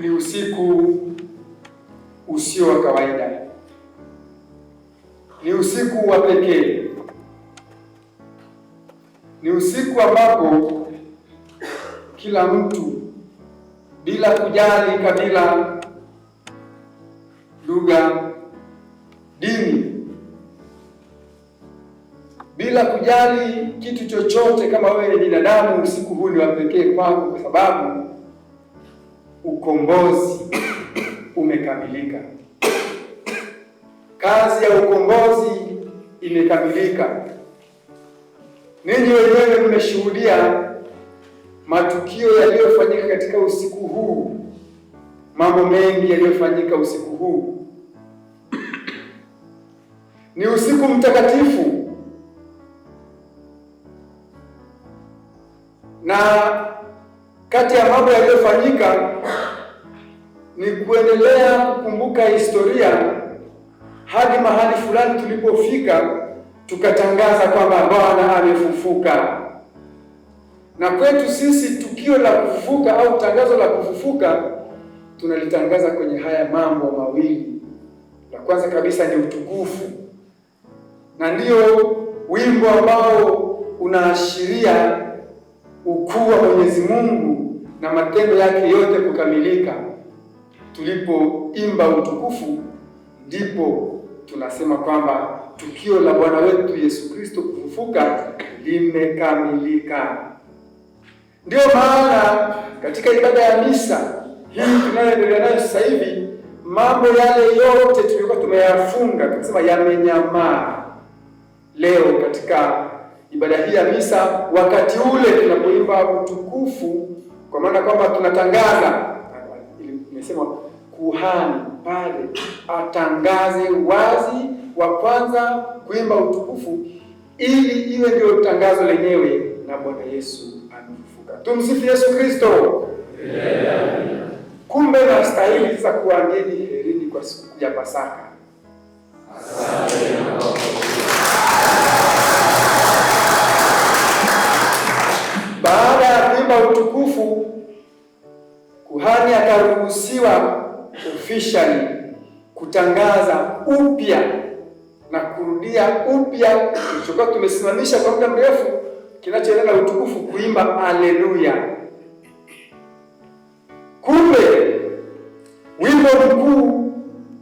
ni usiku usio wa kawaida, ni usiku wa pekee, ni usiku ambapo kila mtu bila kujali kabila, lugha, dini, bila kujali kitu chochote, kama wewe ni binadamu, usiku huu ni wa pekee kwako kwa sababu ukombozi umekamilika. Kazi ya ukombozi imekamilika. Ninyi wenyewe mmeshuhudia matukio yaliyofanyika katika usiku huu, mambo mengi yaliyofanyika usiku huu. Ni usiku mtakatifu na kati ya mambo yaliyofanyika ni kuendelea kukumbuka historia hadi mahali fulani tulipofika, tukatangaza kwamba Bwana amefufuka. Na kwetu sisi tukio la kufufuka au tangazo la kufufuka tunalitangaza kwenye haya mambo mawili. La kwanza kabisa ni utukufu, na ndio wimbo ambao unaashiria ukuu wa Mwenyezi Mungu na matendo yake yote kukamilika. Tulipoimba utukufu, ndipo tunasema kwamba tukio la Bwana wetu Yesu Kristo kufufuka limekamilika. Ndiyo maana katika ibada ya misa hii tunayoendelea nayo sasa hivi, mambo yale yote tulikuwa tumeyafunga, tunasema yamenyamaa. Leo katika ibada hii ya misa wakati ule tunapoimba utukufu, kwa maana kwamba tunatangaza, nimesema kuhani pale atangaze wazi wa kwanza kuimba utukufu, ili iwe ndio tangazo lenyewe na Bwana Yesu amefufuka. Tumsifu Yesu Kristo, kumbe na stahili za kuambieni herini kwa siku ya Pasaka. Asante. kuhani ataruhusiwa officially kutangaza upya na kurudia upya kilichokuwa tumesimamisha kwa muda mrefu, kinachoendelea na utukufu, kuimba haleluya. Kumbe wimbo mkuu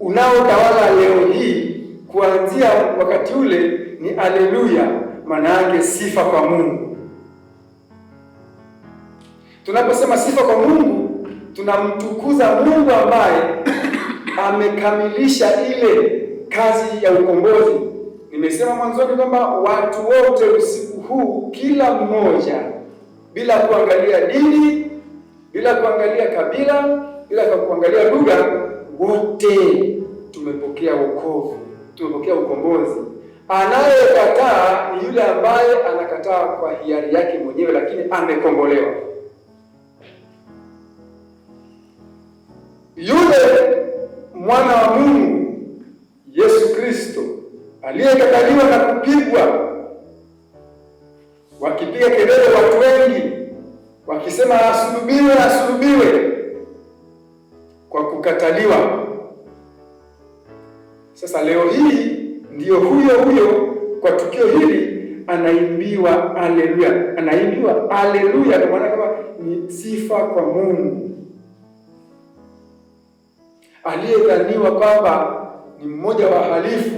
unaotawala leo hii kuanzia wakati ule ni haleluya, maana yake sifa kwa Mungu. Tunaposema sifa kwa Mungu tunamtukuza Mungu ambaye amekamilisha ile kazi ya ukombozi. Nimesema mwanzoni kwamba watu wote usiku huu, kila mmoja bila kuangalia dini, bila kuangalia kabila, bila kuangalia lugha, wote tumepokea wokovu, tumepokea ukombozi. Anayekataa ni yule ambaye anakataa kwa hiari yake mwenyewe, lakini amekombolewa. yule mwana wa Mungu Yesu Kristo aliyekataliwa na kupigwa, wakipiga kelele watu wengi wakisema asulubiwe, asulubiwe kwa kukataliwa. Sasa leo hii ndiyo huyo huyo kwa tukio hili anaimbiwa aleluya, anaimbiwa aleluya, kwa maana kama ni sifa kwa Mungu aliyedhaniwa kwamba ni mmoja wa halifu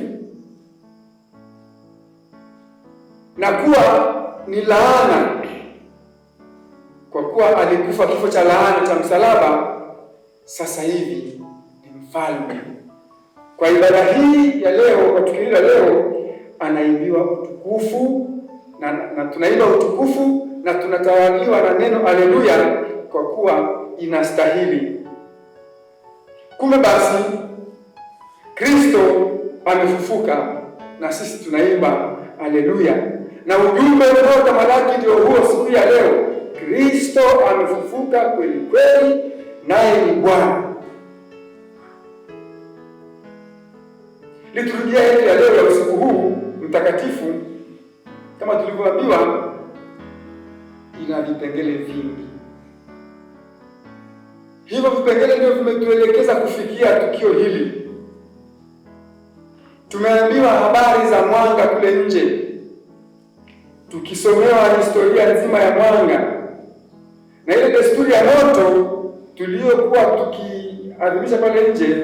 na kuwa ni laana, kwa kuwa alikufa kifo cha laana cha msalaba, sasa hivi ni mfalme. Kwa ibada hii ya leo, kwa tukio la leo, anaibiwa utukufu na, na tunaimba utukufu na tunatawaliwa na neno haleluya, kwa kuwa inastahili. Kumbe basi Kristo amefufuka na sisi tunaimba haleluya, na ujumbe unaotamalaki ndio huo siku ya leo. Kristo amefufuka kweli kweli, naye ni Bwana. Liturujia yetu ya leo ya usiku huu mtakatifu, kama tulivyoambiwa, ina vipengele vingi Hivyo vipengele ndio vimetuelekeza kufikia tukio hili. Tumeambiwa habari za mwanga kule nje, tukisomewa historia nzima ya mwanga na ile desturi ya moto tuliyokuwa tukiadhimisha pale nje,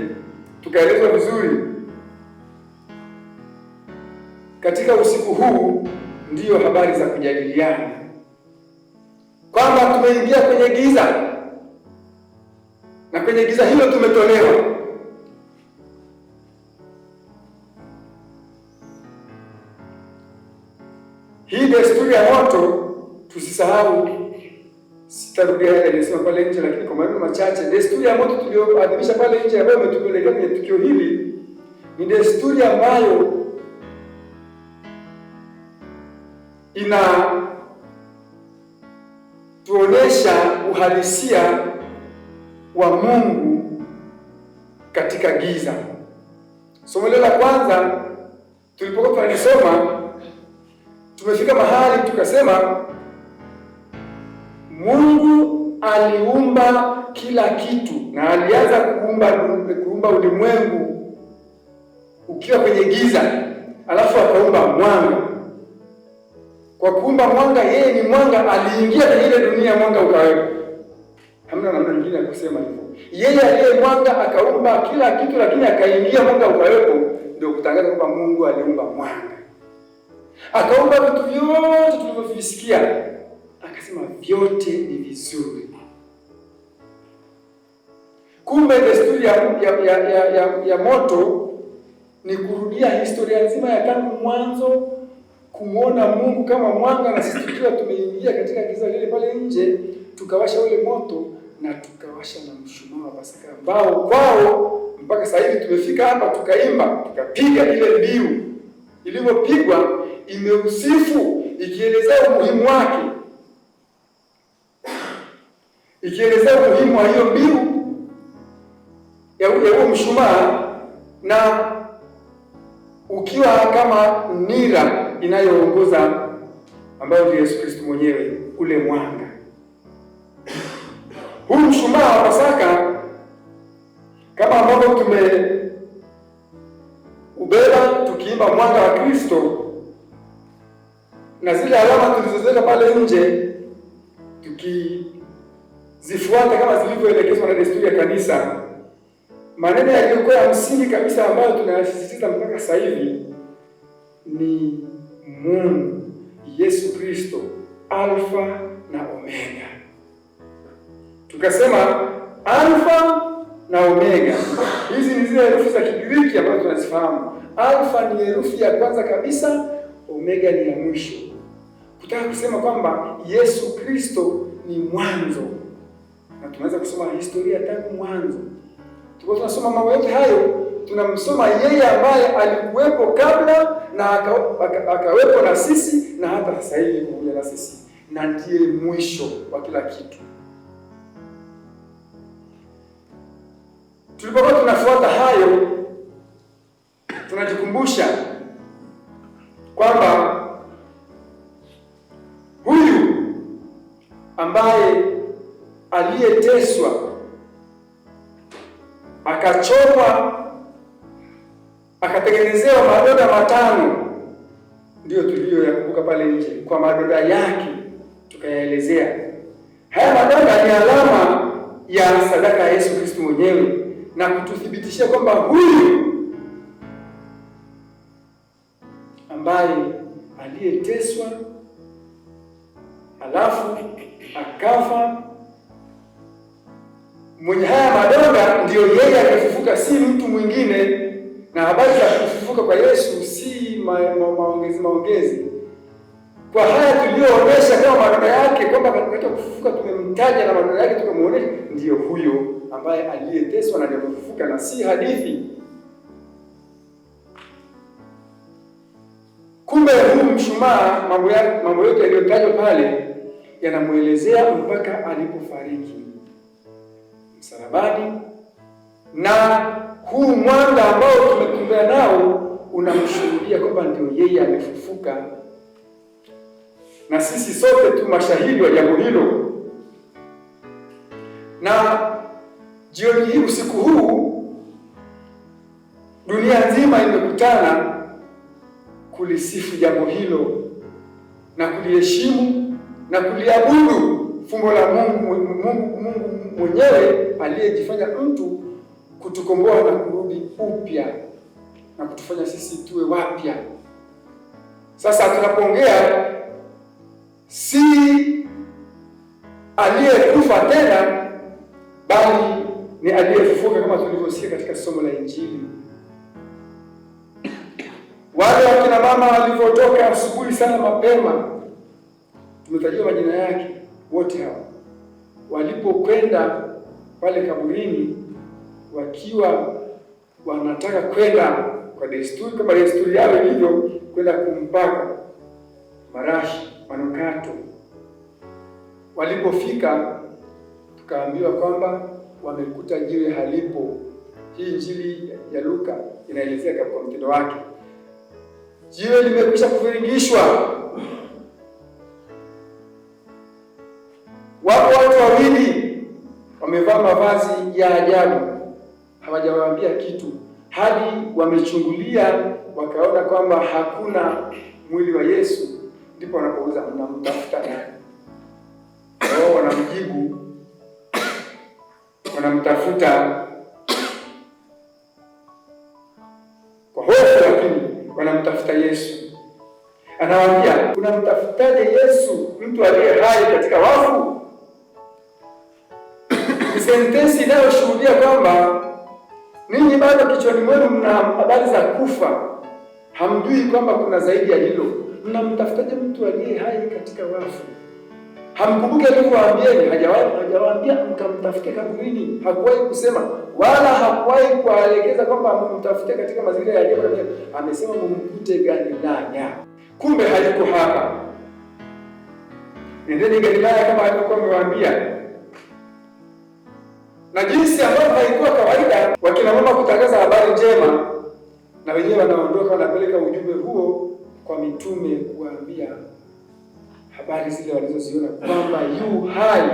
tukaelezwa vizuri. Katika usiku huu ndiyo habari za kujadiliana kwamba tumeingia kwenye giza na kwenye giza hilo tumetolewa. Hii desturi ya moto tusisahau. Sitarudia yale nilisema pale nje, lakini kwa maneno machache, desturi ya moto tulioadhimisha pale nje, ambayo imetupelekea kwenye tukio hili, ni desturi ambayo tuonesha uhalisia wa Mungu katika giza. Somo la kwanza tulipokuwa tunalisoma, tumefika mahali tukasema Mungu aliumba kila kitu na alianza kuumba kuumba ulimwengu ukiwa kwenye giza, alafu akaumba mwanga. Kwa kuumba mwanga, yeye ni mwanga, aliingia kwenye ile dunia, mwanga ukawepo. Hamna namna nyingine ya kusema hivyo. Yeye aliye mwanga akaumba kila kitu, lakini akaingia mwanga ukawepo, ndio kutangaza kwamba Mungu aliumba mwanga. Akaumba vitu vyote tulivyovisikia, akasema vyote ni vizuri. Kumbe desturi ya, ya, ya, ya, ya, ya moto ni kurudia historia nzima ya tangu mwanzo kumwona Mungu kama mwanga, na sisi tukiwa tumeingia katika giza lile pale nje tukawasha ule moto na tukawasha na mshumaa Pasaka ambao kwao mpaka sasa hivi tumefika hapa, tukaimba tukapiga ile mbiu, ilivyopigwa imeusifu ikielezea umuhimu wake, ikielezea umuhimu wa hiyo mbiu ya huo mshumaa, na ukiwa kama nira inayoongoza ambayo ndio Yesu Kristo mwenyewe, ule mwanga huu mshumaa wa Pasaka kama ambavyo tumeubeba tukiimba mwanga wa Kristo na zile alama tulizoziweka pale nje tukizifuata kama zilivyoelekezwa na desturi ya kanisa, maneno yaliyokuwa ya msingi kabisa ambayo tunayasisitiza mpaka sasa hivi ni Mungu Yesu Kristo Alfa Tukasema alfa na omega, hizi ni zile herufi za Kigiriki ambazo tunazifahamu. Alfa ni herufi ya kwanza kabisa, omega ni ya mwisho, kutaka kusema kwamba Yesu Kristo ni mwanzo, na tunaweza kusoma historia tangu mwanzo. Tulikuwa tunasoma mambo yote hayo tunamsoma yeye ambaye alikuwepo kabla na akawepo aka, aka na sisi na hata sasa hivi pamoja na sisi, na ndiye mwisho wa kila kitu. Tulipokuwa tunafuata hayo, tunajikumbusha kwamba huyu ambaye aliyeteswa akachomwa akatengenezewa madoda matano, ndiyo tuliyoyakumbuka pale nje. Kwa madoda yake tukayaelezea haya madoda, ni alama ya sadaka ya Yesu Kristo mwenyewe na kututhibitishia kwamba huyu ambaye aliyeteswa halafu akafa mwenye haya madonda ndiyo yeye akifufuka, si mtu mwingine. Na habari za kufufuka kwa Yesu si ma, ma, maongezi maongezi kwa haya tuliyoonyesha kama maneno yake kwamba katika kufufuka tumemtaja na maneno yake tukamuonesha, ndiyo huyo ambaye aliyeteswa na kufufuka, na si hadithi. Kumbe huu mshumaa, mambo yote yaliyotajwa pale yanamwelezea mpaka alipofariki msalabani, na huu mwanga ambao tumekumbea nao unamshuhudia kwamba ndio yeye amefufuka na sisi sote tu mashahidi wa jambo hilo. Na jioni hii, usiku huu, dunia nzima imekutana kulisifu jambo hilo na kuliheshimu na kuliabudu fumbo la Mungu, Mungu, Mungu mwenyewe aliyejifanya mtu kutukomboa na kurudi upya na kutufanya sisi tuwe wapya. Sasa tunapoongea si aliyekufa tena, bali ni aliyefufuka, kama tulivyosikia katika somo la Injili. Wale wakina mama walivyotoka asubuhi sana mapema, tumetajiwa majina yake wote hawa, walipokwenda pale kaburini, wakiwa wanataka kwenda kwa desturi, kama desturi yao ilivyo, kwenda kumpaka marashi manukato. Walipofika tukaambiwa kwamba wamekuta jiwe halipo. Hii Injili ya Luka inaelezea kwa mtindo wake, jiwe limekwisha kuviringishwa. Wapo watu wawili wamevaa mavazi ya ajabu, hawajawaambia kitu hadi wamechungulia, wakaona kwamba hakuna mwili wa Yesu ndipo wanapouza mnamtafuta nani? Wao wanamjibu wanamtafuta kwa hofu, lakini wanamtafuta Yesu. Anawaambia, unamtafutaje Yesu, mtu aliye hai katika wafu? sentensi inayoshuhudia kwamba ninyi bado kichwani mwenu mna habari za kufa, hamjui kwamba kuna zaidi ya hilo mnamtafutaje mtu aliye hai katika wafu? Hamkumbuki alivyowaambieni? Hajawaambia mkamtafute kaburini, hakuwahi kusema wala hakuwahi kuwaelekeza kwamba mmtafute katika mazingira ya ajabu. Amesema mumkute Galilaya. Kumbe hayuko hapa, Endeni Galilaya kama alivyokuwa amewaambia. Na jinsi ambavyo haikuwa kawaida wakina mama kutangaza habari njema, na wenyewe wanaondoka wanapeleka ujumbe huo kwa mitume kuambia habari zile walizoziona kwamba yu hai,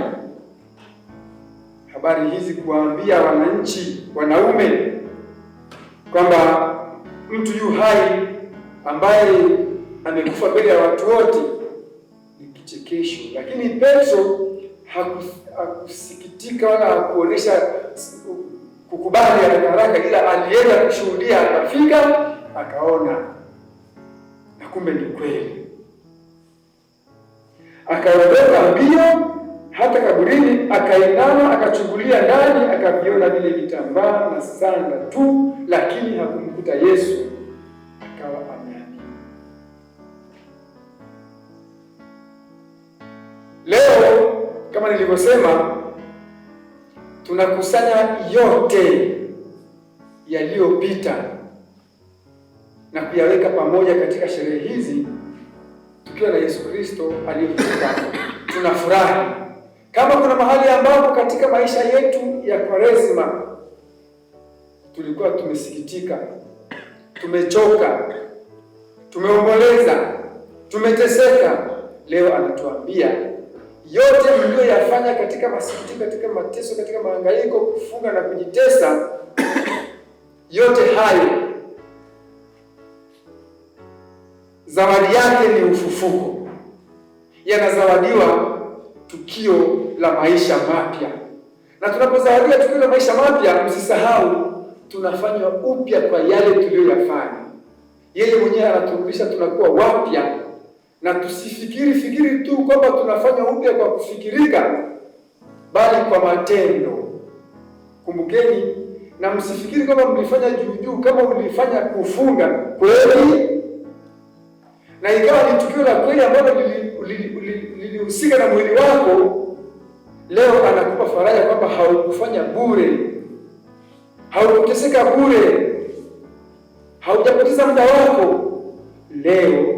habari hizi kuambia wananchi wanaume kwamba mtu yu hai ambaye amekufa mbele ya watu wote ni kichekesho. Lakini Petro hakusikitika wala hakuonesha kukubali haraka haraka, ila alienda kushuhudia, akafika akaona kumbe ni kweli. Akaondoka mbio hata kaburini, akainama, akachungulia ndani, akaviona vile vitambaa na sanda tu, lakini hakumkuta Yesu. Akawa ameamini. Leo kama nilivyosema, tunakusanya yote yaliyopita na kuyaweka pamoja katika sherehe hizi, tukiwa na Yesu Kristo aliyefufuka, tunafurahi. Kama kuna mahali ambapo katika maisha yetu ya Kwaresma tulikuwa tumesikitika, tumechoka, tumeomboleza, tumeteseka, leo anatuambia yote mliyoyafanya katika masikitiko, katika mateso, katika mahangaiko, kufunga na kujitesa, yote hayo zawadi yake ni ufufuko. Yanazawadiwa tukio la maisha mapya, na tunapozawadiwa tukio la maisha mapya, msisahau tunafanywa upya kwa yale tuliyoyafanya. Yeye mwenyewe anaturudisha, tunakuwa wapya, na tusifikiri fikiri tu kwamba tunafanywa upya kwa kufikirika, bali kwa matendo. Kumbukeni na msifikiri kwamba mlifanya juujuu, kama ulifanya kufunga kweli na ikawa ni tukio la kweli ambalo lilihusika na mwili wako, leo anakupa faraja kwamba haukufanya bure, haukuteseka bure, haujapoteza muda wako. Leo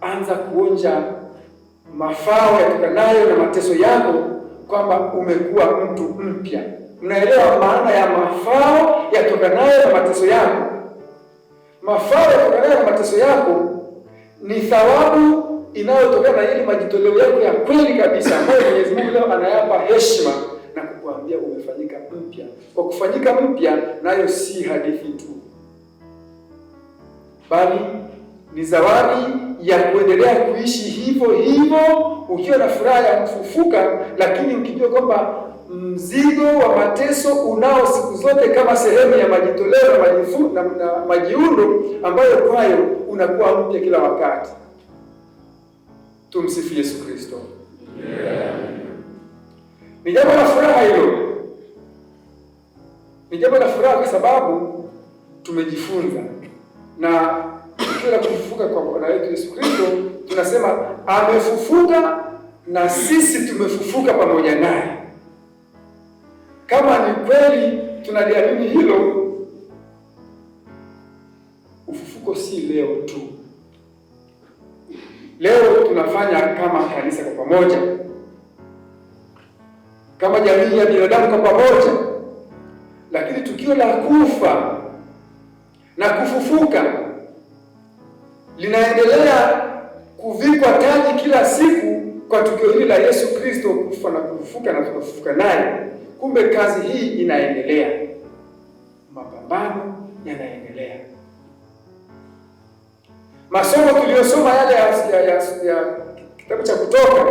anza kuonja mafao yatokanayo na mateso yako, kwamba umekuwa mtu mpya. Mnaelewa maana ya mafao yatokanayo na mateso yako? mafao kutokana na mateso yako ni thawabu inayotokana na ile majitoleo yako ya kweli kabisa, ambayo Mwenyezi Mungu leo anayapa heshima na kukuambia umefanyika mpya. Kwa kufanyika mpya, nayo si hadithi tu, bali ni zawadi ya kuendelea kuishi hivyo hivyo ukiwa na furaha ya kufufuka, lakini ukijua kwamba mzigo wa mateso unao siku zote kama sehemu ya majitoleo na majifu, na, na majiundo ambayo kwayo unakuwa mpya kila wakati. Tumsifu Yesu Kristo. Ni jambo la furaha hilo, ni jambo la furaha kwa sababu tumejifunza na kila kufufuka kwa Bwana wetu Yesu Kristo, tunasema amefufuka na sisi tumefufuka pamoja naye. Kama ni kweli tunaliamini hilo, ufufuko si leo tu. Leo tunafanya kama kanisa kwa pamoja, kama jamii ya binadamu kwa pamoja, lakini tukio la kufa na kufufuka linaendelea kuvikwa taji kila siku kwa tukio hili la Yesu Kristo kufa na kufufuka na tukafufuka naye Kumbe kazi hii inaendelea, mapambano yanaendelea. Masomo tuliyosoma yale ya, ya, ya, ya kitabu cha Kutoka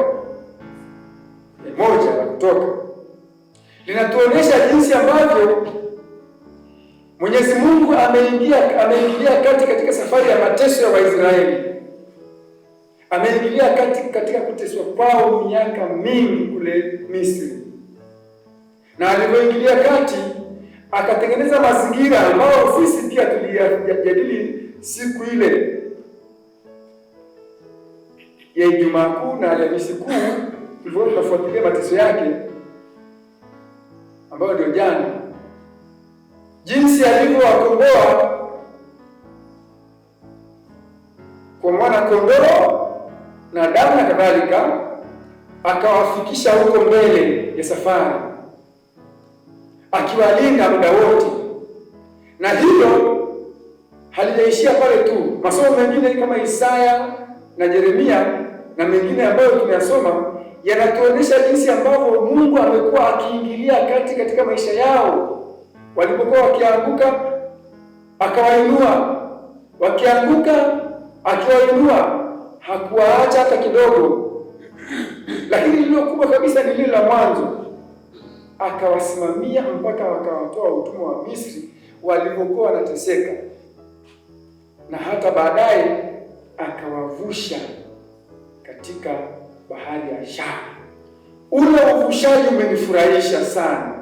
moja la Kutoka linatuonyesha jinsi ambavyo Mwenyezi Mungu ameingia ameingilia kati katika safari ya mateso ya Waisraeli ameingilia kati katika kuteswa kwao miaka mingi kule Misri na alivyoingilia kati akatengeneza mazingira ambayo sisi pia tulijadili siku ile ya Ijumaa Kuu na Alhamisi Kuu tulivyokuwa tunafuatilia mateso yake ambayo ndio jana, jinsi alivyowakomboa kwa mwana kondoo na damu na kadhalika, akawafikisha huko mbele ya safari akiwalinda muda wote, na hilo halijaishia pale tu. Masomo mengine kama Isaya na Yeremia na mengine ambayo tumeyasoma yanatuonyesha jinsi ambavyo Mungu amekuwa akiingilia kati katika maisha yao. Walipokuwa wakianguka, akawainua, wakianguka, akiwainua, hakuwaacha hata kidogo. Lakini lililo kubwa kabisa ni lile la mwanzo akawasimamia mpaka wakawatoa utumwa wa Misri walipokuwa wanateseka, na hata baadaye akawavusha katika bahari ya Shamu. Ule uvushaji umenifurahisha sana.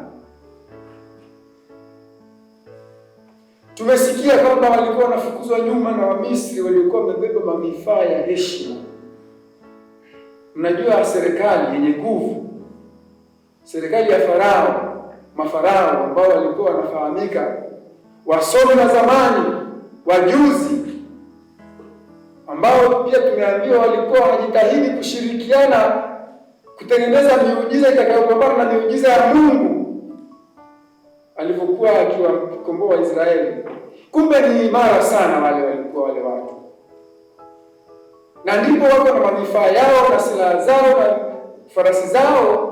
Tumesikia kwamba walikuwa wanafukuzwa nyuma na Wamisri waliokuwa wamebeba mamifaa ya heshima. Mnajua serikali yenye nguvu serikali ya Farao, mafarao ambao walikuwa wanafahamika, wasomi wa zamani, wajuzi ambao pia tumeambiwa walikuwa wanajitahidi kushirikiana kutengeneza miujiza itakayopambana na miujiza ya Mungu alivyokuwa akiwakomboa Waisraeli. Kumbe ni imara sana wale walikuwa wale watu, na ndipo wako na manufaa yao na silaha zao na farasi zao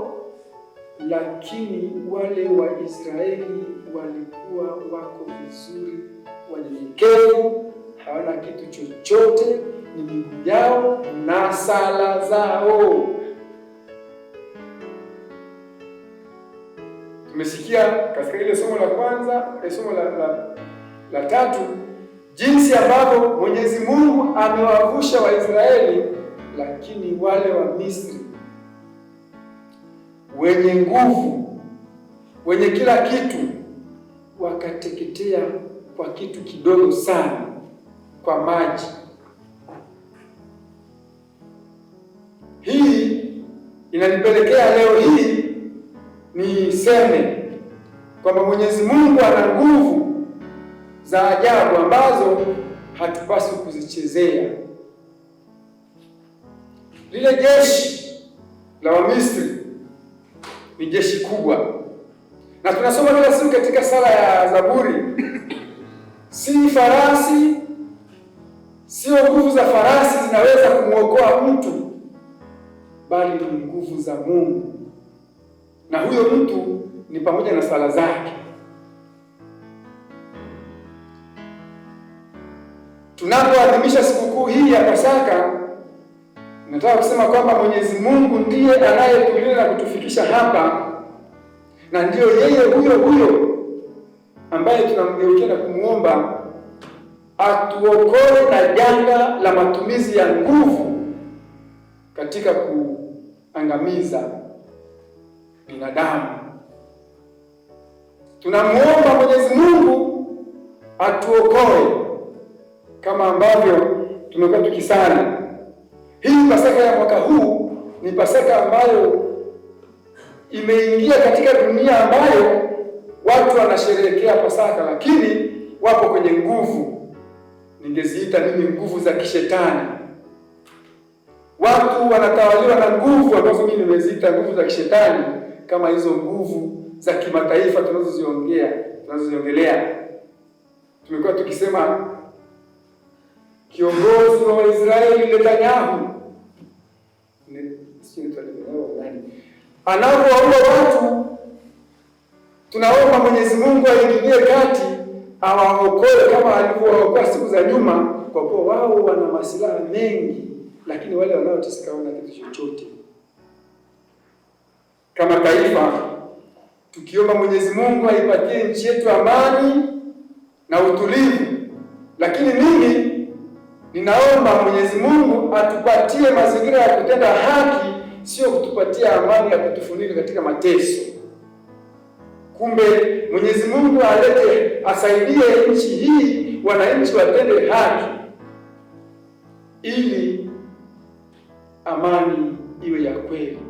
lakini wale wa Israeli walikuwa wako vizuri, wanyenyekevu, hawana kitu chochote, ni miguu yao na sala zao. Tumesikia katika ile somo la kwanza, ile somo la, la, la tatu, jinsi ambavyo Mwenyezi Mungu amewavusha Waisraeli, lakini wale wa Misri wenye nguvu, wenye kila kitu, wakateketea kwa kitu kidogo sana, kwa maji. Hii inanipelekea leo hii niseme kwamba Mwenyezi Mungu ana nguvu za ajabu ambazo hatupaswi kuzichezea. Lile jeshi la Wamisri ni jeshi kubwa, na tunasoma kila siku katika sala ya Zaburi, si farasi, sio nguvu za farasi zinaweza kumwokoa mtu, bali ni nguvu za Mungu, na huyo mtu ni pamoja na sala zake. Tunapoadhimisha sikukuu hii ya Pasaka Nataka kusema kwamba Mwenyezi Mungu ndiye anayetulinda na kutufikisha hapa, na ndiyo yeye huyo huyo ambaye tunamgeukia na kumwomba atuokoe na janga la matumizi ya nguvu katika kuangamiza binadamu. Tunamwomba Mwenyezi Mungu atuokoe kama ambavyo tumekuwa tukisali hii Pasaka ya mwaka huu ni Pasaka ambayo imeingia katika dunia ambayo watu wanasherehekea Pasaka, lakini wapo kwenye nguvu, ningeziita mimi nguvu za kishetani. Watu wanatawaliwa na nguvu ambazo mimi nimeziita nguvu za kishetani, kama hizo nguvu za kimataifa tunazoziongea tunazoziongelea, tumekuwa tukisema kiongozi wa Waisraeli Netanyahu anapoaua watu, tunaomba Mwenyezi Mungu aingilie kati awaokoe kama alivyowaokoa siku za nyuma, kwa kuwa wao wana masilaha mengi, lakini wale wanaoteseka hawana kitu chochote. Kama taifa tukiomba Mwenyezi Mungu aipatie nchi yetu amani na utulivu, lakini mimi Ninaomba Mwenyezi Mungu atupatie mazingira ya kutenda haki, sio kutupatia amani ya kutufunika katika mateso. Kumbe Mwenyezi Mungu alete, asaidie nchi hii, wananchi watende haki ili amani iwe ya kweli.